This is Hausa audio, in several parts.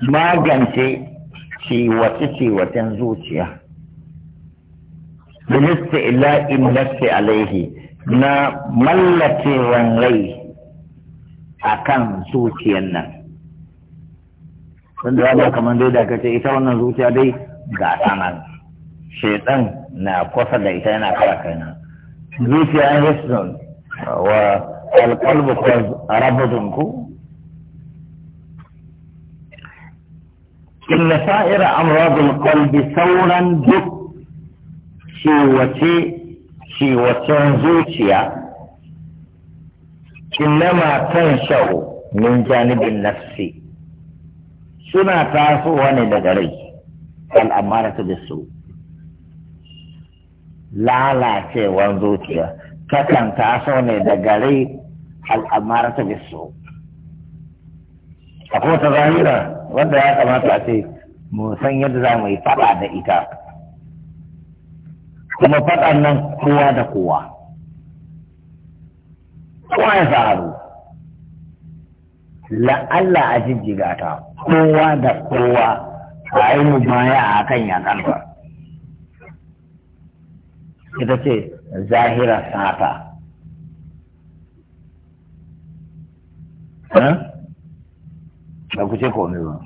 magance ciwace-ciwacen zuciya bilista ila'in nafsi alaihi na mallakewan rai a kan zuciyan nan sun ya kamar dai da kace ita wannan zuciya dai ga sanan shaitan na kwasa da ita yana kara kaina zuciya an yi wa alƙalbu rabu inna sa'ira amradul qalbi sauran duk ciwace ciwacen zuciya innama kan sha'u min janibin nafsi suna tasowa ne daga rai al'amaratu da su lalacewar zuciya kakan taso ne daga rai al'amaratu da su akwai wata zahira wanda ya kamata a ce mu san yadda za mu yi faɗa da ita kuma faɗa nan kowa da kowa kowa ya faru la'alla a jijjiga ta kowa da kowa a yi mu baya a kan kanta ita ce zahira sata ba ku ce komai ba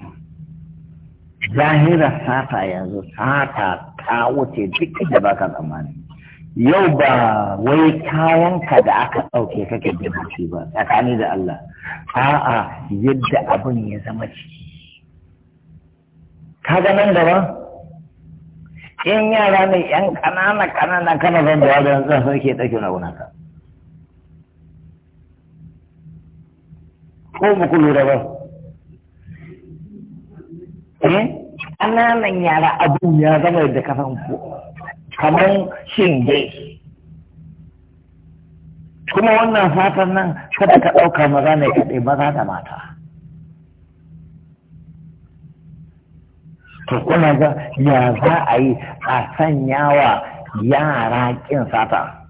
zahira sata yanzu sata ta wuce duk da baka tsammani yau ba wai kayanka da aka ɗauke kake jimaki ba tsakani da Allah a'a yadda abin ya zama ciki ka ga nan gaba in yara ne yan ƙanana ƙanana kana zan da wajen zan sai ke ɗauke na ka. ko mu ku lura ba ƙananan yara abu ya zama da kasan kamar shinge kuma wannan fatan nan kada ka ɗauka maza ne kaɗai maza da mata to kuna ga ya za a yi a sanya wa yara ƙin sata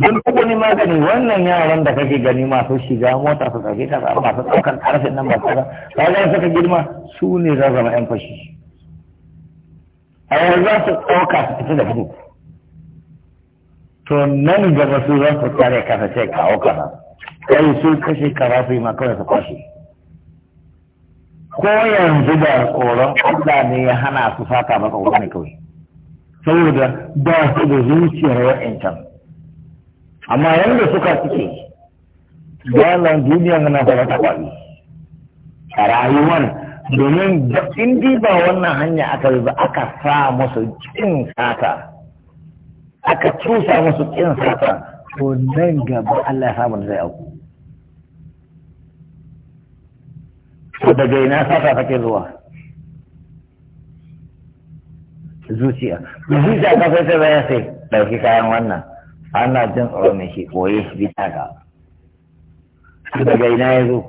don kuma wani magani wannan yaran da kake gani masu shiga mota su ɗauke ta ba masu ɗaukar karfe nan ba su ga kaga suka girma su ne za zama yan fashi a yanzu za su ɗauka su fita da gudu to nan ga su za su tsare kasa ce kawo kana kai su kashe kara su yi makawai su kwashe ko yanzu da tsoron Allah ne ya hana su fata maka wani kawai saboda ba su da zuciyar wa'ancan amma yanda suka suke wannan duniya na fara ta a rayuwar domin in dai ba wannan hanya aka bi ba aka sa musu kin sata aka cusa musu kin sata to nan gaba Allah ya samu zai auku to daga ina sata take zuwa zuciya zuciya ka sai ta bayan sai dauki kayan wannan ana jin tsoron mai shi koye shi bisa ga daga ina ya zo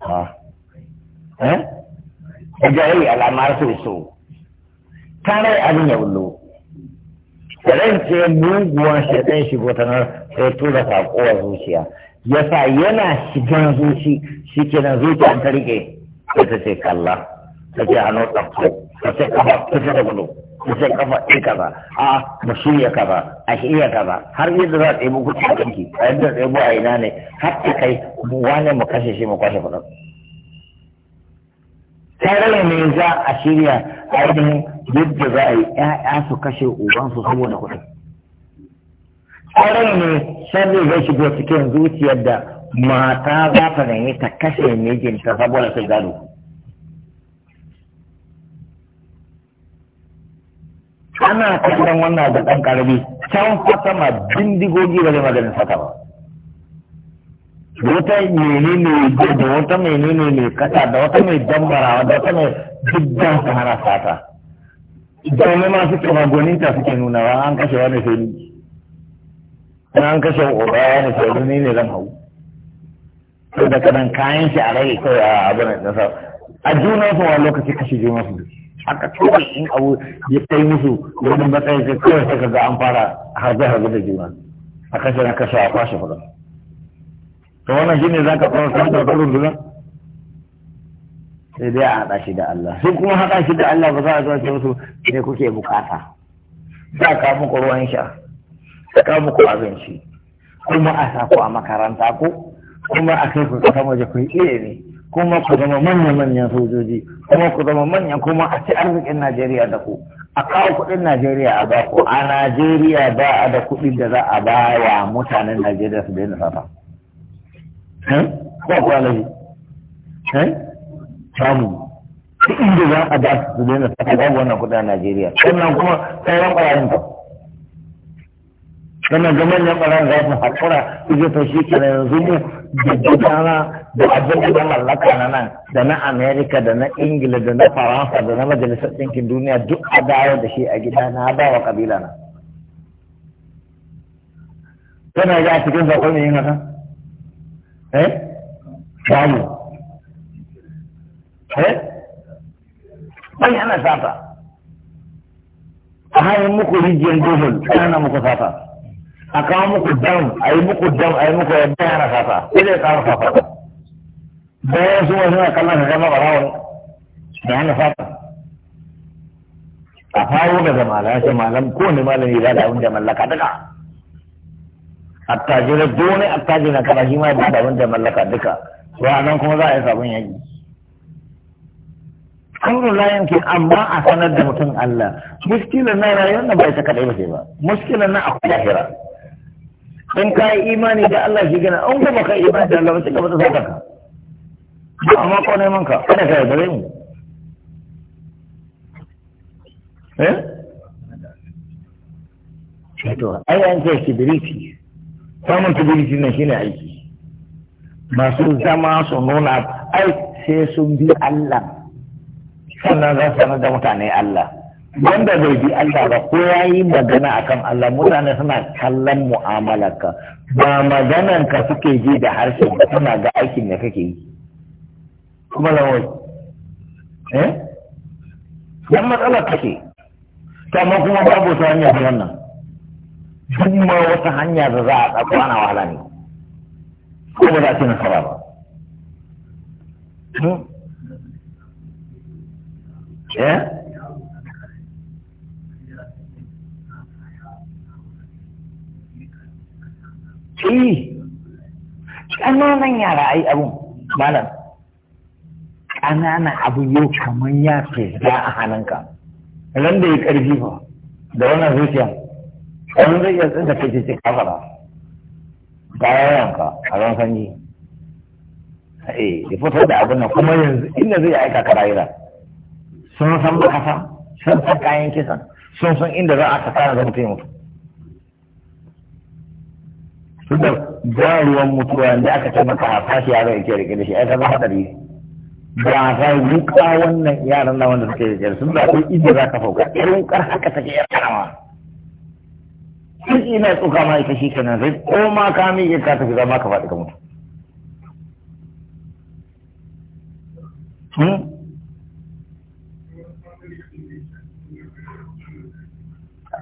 ha eh daga yi alamar su so tare abin ya bullo ran ce muguwan shaitan shigo ta nan sai tura a zuciya yasa yana shigan zuci shi ke nan zuciya ta rike sai ta ce kalla ta ce hannu ɗauko ta ce kafa ta ce da Ka sai kafa ɗi kaza a ba shirya kaza a shirya kaza har yadda za a ɗebo kuɗi da kanki a yadda ɗebo a ina ne har ta kai wane mu kashe shi mu kwashe kuɗin tare me za a shirya ainihin yadda za a yi ‘ya'ya su kashe ubansu saboda kuɗi. Tare ne sabbin zai shigo cikin zuciyar da mata za ta nemi ta kashe mijinta saboda su gado. ana kallon wannan da ɗan ƙarami can ma bindigogi ba zai maganin fata ba wata menene ne da wata menene ne kasa da wata mai dambarawa da wata mai dubban sahara fata. idan ne masu ta suke nuna ba an kashe wani sai ni an kashe ƙoƙawa ne sai ni ne zan hau sai da kanan kayan shi a rage kawai a abin da sa a juna su wani lokaci kashe juna su duk haka kawai in abu ya kai musu wani matsayin sai kawai sai kaga an fara harbe harbe da juna a kashe na kashe a kwashe fara to wannan shine ka fara samun da kullun duna sai dai a haɗa shi da Allah sun kuma haɗa shi da Allah ba za a zuwa ce musu ne kuke bukata za ka muku ruwan sha a ka muku abinci kuma a sa ku a makaranta ko kuma a kai ku kasa waje ku ilimi kuma ku zama manya-manyan sojoji kuma ku zama manya kuma a ci arzikin Najeriya da ku a kawo kuɗin Najeriya a baku a Najeriya ba a da kuɗin da za a ba wa mutanen Najeriya su daina safa. Eh? Ba ku alaji. Eh? Samu. Kuɗin da za a ba su daina safa babu wannan kuɗin a Najeriya. Sannan kuma sai ran ɓarayin ba. wannan ga manyan ɓaran za su haƙura su je to shi kenan yanzu mu da gidana da abin da mallaka na nan da na amerika da na ingila da na faransa da na majalisar ɗinkin duniya duk a dawo da shi a gida na ba wa ƙabila na tana ga a cikin zaɓen yin haka eh shayi eh bai ana sata a hanyar muku rijiyar duhul ana muku sata a kawo muku dan a yi muku dan a yi muku yadda yana kafa sai dai kawo kafa bayan su wani na kallon ka gama barawon da hana fata a kawo da daga malam shi malam ko ne malami ya da abin da mallaka duka na dole na kana shi ma ba da abin da mallaka duka nan kuma za a yi sabon yaki amrun la yanki amma a sanar da mutum Allah muskilan na rayuwar na bai ta kadai ba sai ba muskilan na akwai lahira in ka yi imani da Allah shi gina an kuma ka imani da Allah sai ka fata sauka ka amma ko ne ka kada ka yaudare mu eh to ai an ce kibiriti samun kibiriti ne shine aiki masu zama su nuna ai sai sun bi Allah sannan za su sanar da mutane Allah wanda bai bi Allah ba ko ya yi magana akan Allah mutane suna kallon mu'amalarka ba maganan ka suke ji da harshe ba suna ga aikin da kake yi kuma lawai eh dan matsalar kake Ta ma kuma babu ta hanya da wannan sun wata hanya da za a tsakwana wahala ne ko ba za a ci nasara ba Kananan yara ai abun malam kananan abu yau kamar ya ce za a hannunka ran da ya ƙarfi ba da wannan zuciya wani zai iya tsinta kai ce ba ya yanka a ran sanyi eh ya fitar da abin nan kuma yanzu inda zai aika karayira sun san ba sun san kayan kisan sun san inda za a kasa da mutum mutu tunda ba ruwan mutuwa da aka ce maka a fashi yaron yake rike da shi ai kaga hadari ba ta wuka wannan yaran na wanda suke rike sun da kai ido za ka fauka irin kar haka take yar karama sun ina tsoka ma ita kenan sai ko ma ka miƙe ka tafi zama ka faɗi ka mutu hmm?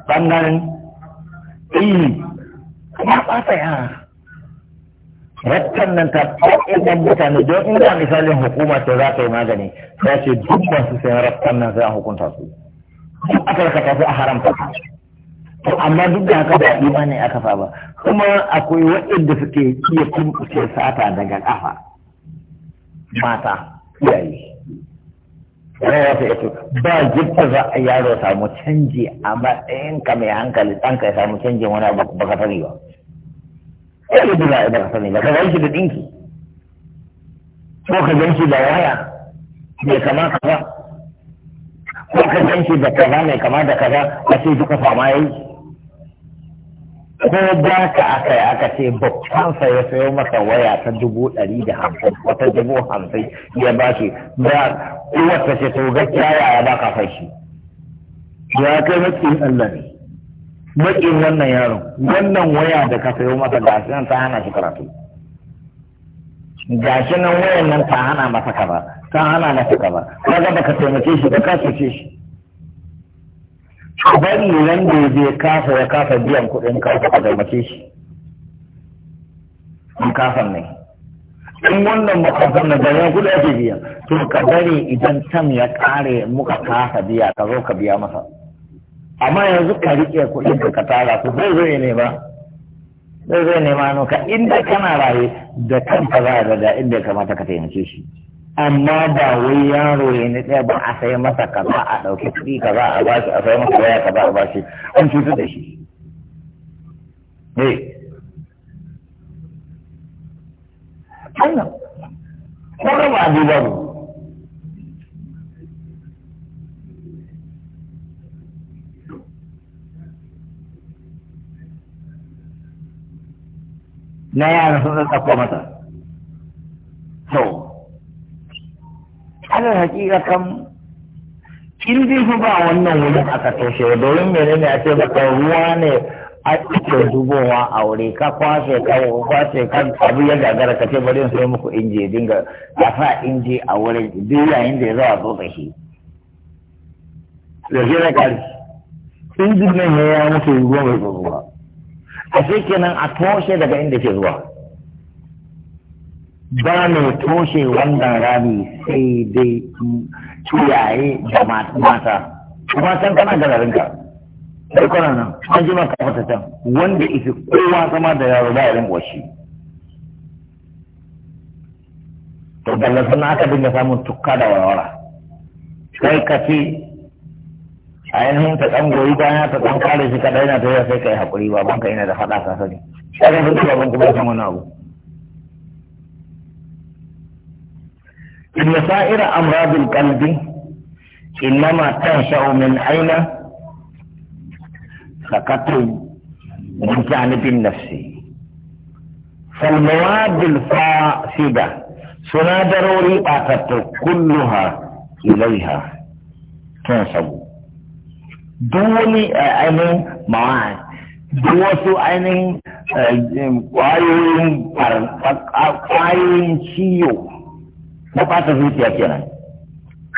ɓangaren ilimi ya ɓata yara rattan nan ta ɗan mutane don in da misalin hukuma ta za ta yi magani ta ce duk masu sayan rattan nan sai an hukunta su duk aka raka su a haramta su amma duk da haka ba imani aka fa ba kuma akwai waɗanda suke iya kumkuce sata daga ƙafa mata iyaye yana ya fi ba jibta za a yaro samu canji a matsayin ka mai hankali ɗanka ya samu canjin wani abu ba ka sani ba ya yi dila idan sani ba ka gan shi da dinki ko ka gan shi da waya mai kama kaza ko ka gan shi da kaza mai kama da kaza a ce duka fama yayi ko ba ka aka yi aka ce babbansa ya sayo maka waya ta dubu ɗari da hamsin wata dubu hamsin ya ba shi ba kowace ce to gaskiya ya ba ka fashi ya kai matsayin Allah ne bakin wannan yaron wannan waya da ka sayo masa gashi nan ta hana shi karatu gashi nan wayan nan ta hana masa kaza ta hana masa kaza kaga baka taimake shi ba ka sace shi bari nan da zai kafa ya kafa biyan kuɗin ka ka taimake shi in kafan ne in wannan makasar na gari kuɗi ake biya to ka bari idan tam ya kare muka kafa biya ka zo ka biya masa amma yanzu ka riƙe kuɗin ka ka tara ku zai zai ne ba zai zai nema no ka inda kana raye da kanka za a da inda ya kamata ka taimake shi amma ba wai yaro ya ni ɗaya ba a sai masa kaza a ɗauki kuɗi kaza a bashi a sai masa waya kaza a bashi an cutu da shi he? Kuma ba a duba ba na yaran sun tsakko masa so ana hakika kam in dai fa ba wannan wurin aka toshe domin domin ne a ce baka ruwa ne a cikin dubowa a wuri ka kwashe ka kwashe ka abu ya gagara ka ce bari in sai muku inji dinga a sa inji a wurin duk yayin da ya zawa tsotsa shi da shi na kari injin nan ya yi mutu ruwa mai zuwa a kenan a toshe daga inda ke zuwa ba mai toshe wannan rami sai dai ciyaye da mata kuma san kana gararinka sai kana nan an ji maka fata can wanda isi kowa sama da yaro ba irin washi to dalla suna aka dinga samun tukka da warwara kai ka ce ainihin ta ɗan goyi bayan ta ɗan kare shi kaɗai na ta sai kai haƙuri ba ban ka ina da faɗa ka sani sai ka fito ban kuma san wani abu inna sa'ira amradul qalbi innama tansha'u min aina sakatu min janibin nafsi fal mawadul fasida sunadarori batattu kulluha ilaiha tansabu dole ainihin mawa duk wasu ainihin eh, eh, kwayoyin kwayoyin ciyo na fata zuciya kenan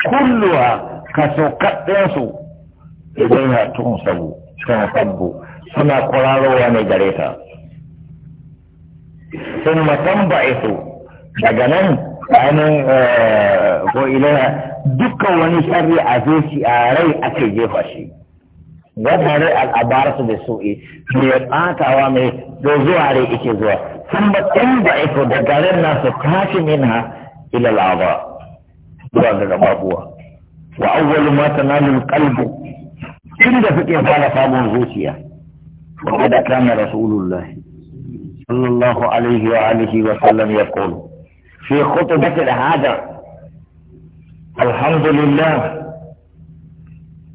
kulluwa ka kaso kaɗinsu idan ya tun sabu tun sabu suna kwararowa ne gare ta sun matan iso daga nan ainihin eh, ko ilaiha dukkan wani sharri a zuci a rai ake jefa shi gwamnare al'abarsu da su'i mai ɓatawa mai dozuware ike zuwa sun ba ɗan ba iko da garin nasu tashi minha ila al'aba zuwa ga gababuwa wa awwalu ma tanalu qalbu inda suke fara samun zuciya wa da kana rasulullah sallallahu alaihi wa alihi wa sallam yaqulu fi khutbati al-hajar alhamdulillah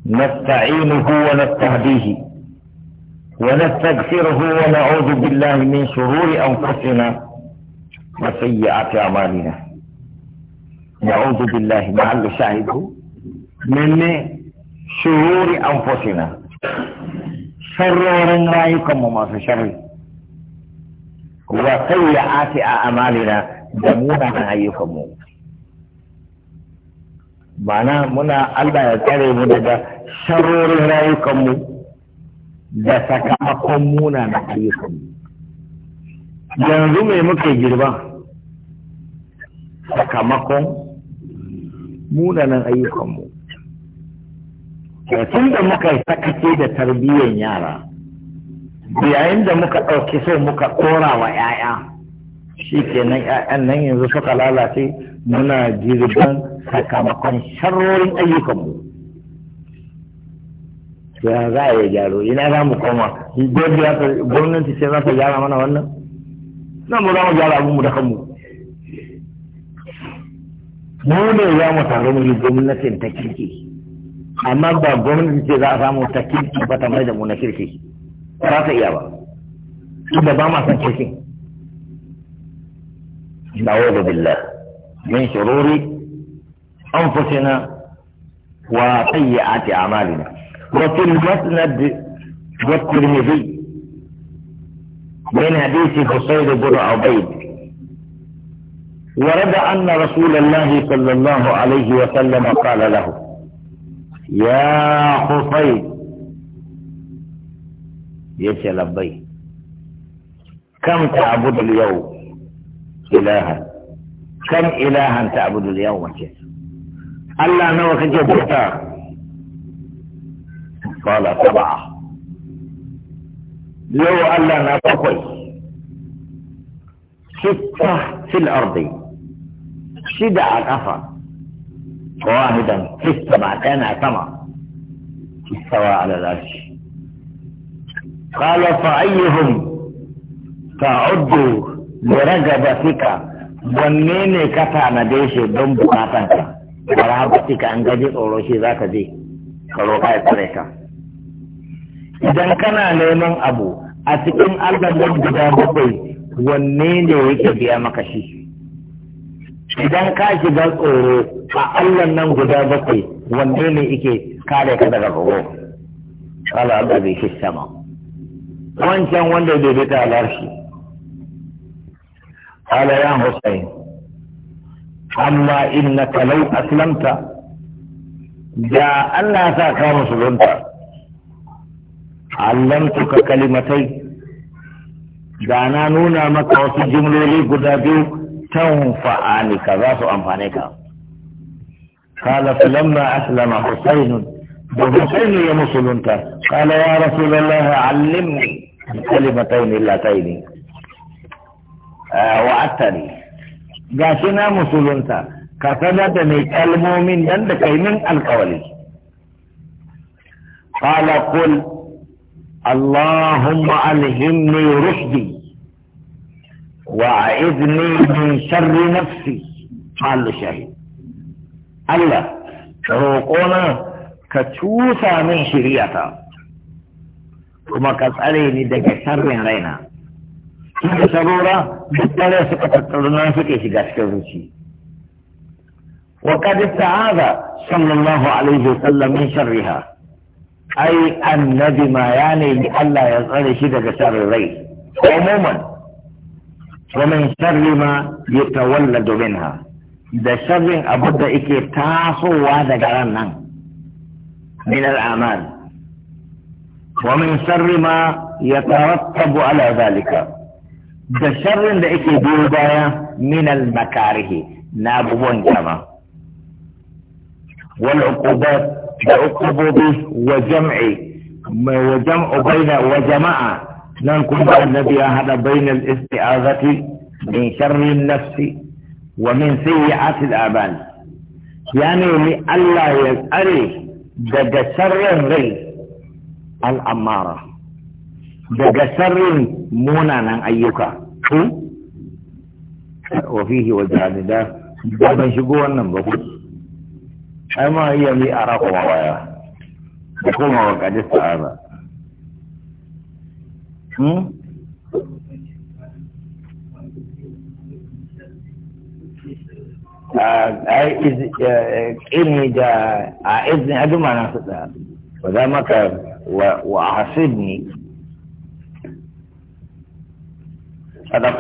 نستعينه ونستهديه ونستغفره ونعوذ بالله من شرور أنفسنا وسيئات أعمالنا نعوذ بالله مع نعم، شاهده من شرور أنفسنا شرورا يكم وما في شر وسيئات أعمالنا دمونا أيكم معناه منا الله يكرمنا sharorin rayukanmu da sakamakon muna na ayyukanmu yanzu mai muka girba sakamakon munanan ayyukanmu tun da muka yi da tarbiyyar yara yayin da muka ɗauki sai muka kora wa 'ya'ya shi kenan 'ya'yan nan yanzu suka lalace muna girban sakamakon sharrorin ayyukanmu ya za a yi gyaro ina za mu koma gwamnati ce za ta gyara mana wannan na mu za mu gyara abinmu da kanmu mu ne za mu taru mu yi gwamnatin ta kirki amma ba gwamnati ce za a samu ta kirki ba ta mai da mu na kirki ba za ta iya ba inda ba ma san kirkin na'udhu billah min an anfusina wa sayyi'ati a'malina وفي المسند والترمذي من حديث حسين بن عبيد ورد أن رسول الله صلى الله عليه وسلم قال له يا حسين يا لبيك كم تعبد اليوم إلها كم إلها تعبد اليوم الله نوى كجبتا قال سبعة لو ألا نبقي ستة في الأرض شدع الأفر واحدا في السماء كان في استوى على العرش قال فأيهم تعد لرغبتك ظنين كفى نديش دم بقاتك ورغبتك أن تجد أولوشي ذاك دي خلوقات قاعد idan kana neman abu a cikin albamin guda bakwai wanne ne yake biya maka shi idan ka shiga tsoro a allon nan guda bakwai wanne ne yake kare ka daga tsoro shawara da bai shi sama wancan wanda bai bi ta alarshi kala ya Hussein amma innaka law aslamta da an na sa ka musulunta allamtuka kalimatai da na nuna maka wasu jimloli guda biyu tanfa'anika za su amfane ka قال فلما أسلم حسين وحسين يا مسلمت قال يا رسول الله علمني الكلمتين اللتين آه وعدتني قاشنا مسلمت كفلتني كالمؤمن عندك من القولي قال قل اللهم ألهمني رشدي وأعذني من شر نفسي قال الشهيد الله روقونا كتوسا من شريعتا كما كسأليني دك شر رينا كنت سرورا بطلع سكتت المنافق شغاش كروشي وقد استعاذ صلى الله عليه وسلم من شرها اي ان ندم يعني لئلا يزال شيء كشر الريح عموما ومن شر ما يتولد منها ده شر ابدا اكي تاسو وادا نعم. من الاعمال ومن شر ما يترتب على ذلك ده شر ده اكي بيبايا من المكاره نابون جما والعقوبات da ukubobi wa jam'i wa jam'u baina wa jama'a nan kuma annabi ya hada bainal isti'azati min sharri nafsi wa min sayyi'ati al-amal ya nemi Allah ya tsare daga sharrin rai al'amara daga sharrin munanan ayyuka ko wa fihi wa da ban shigo wannan ba ku اما هي مي اراك وايا بكون ما قد استعانا هم اي آه، از آه، آه، اني دا اذن ادم انا صدا فذا ما كان واعصبني فذا قلت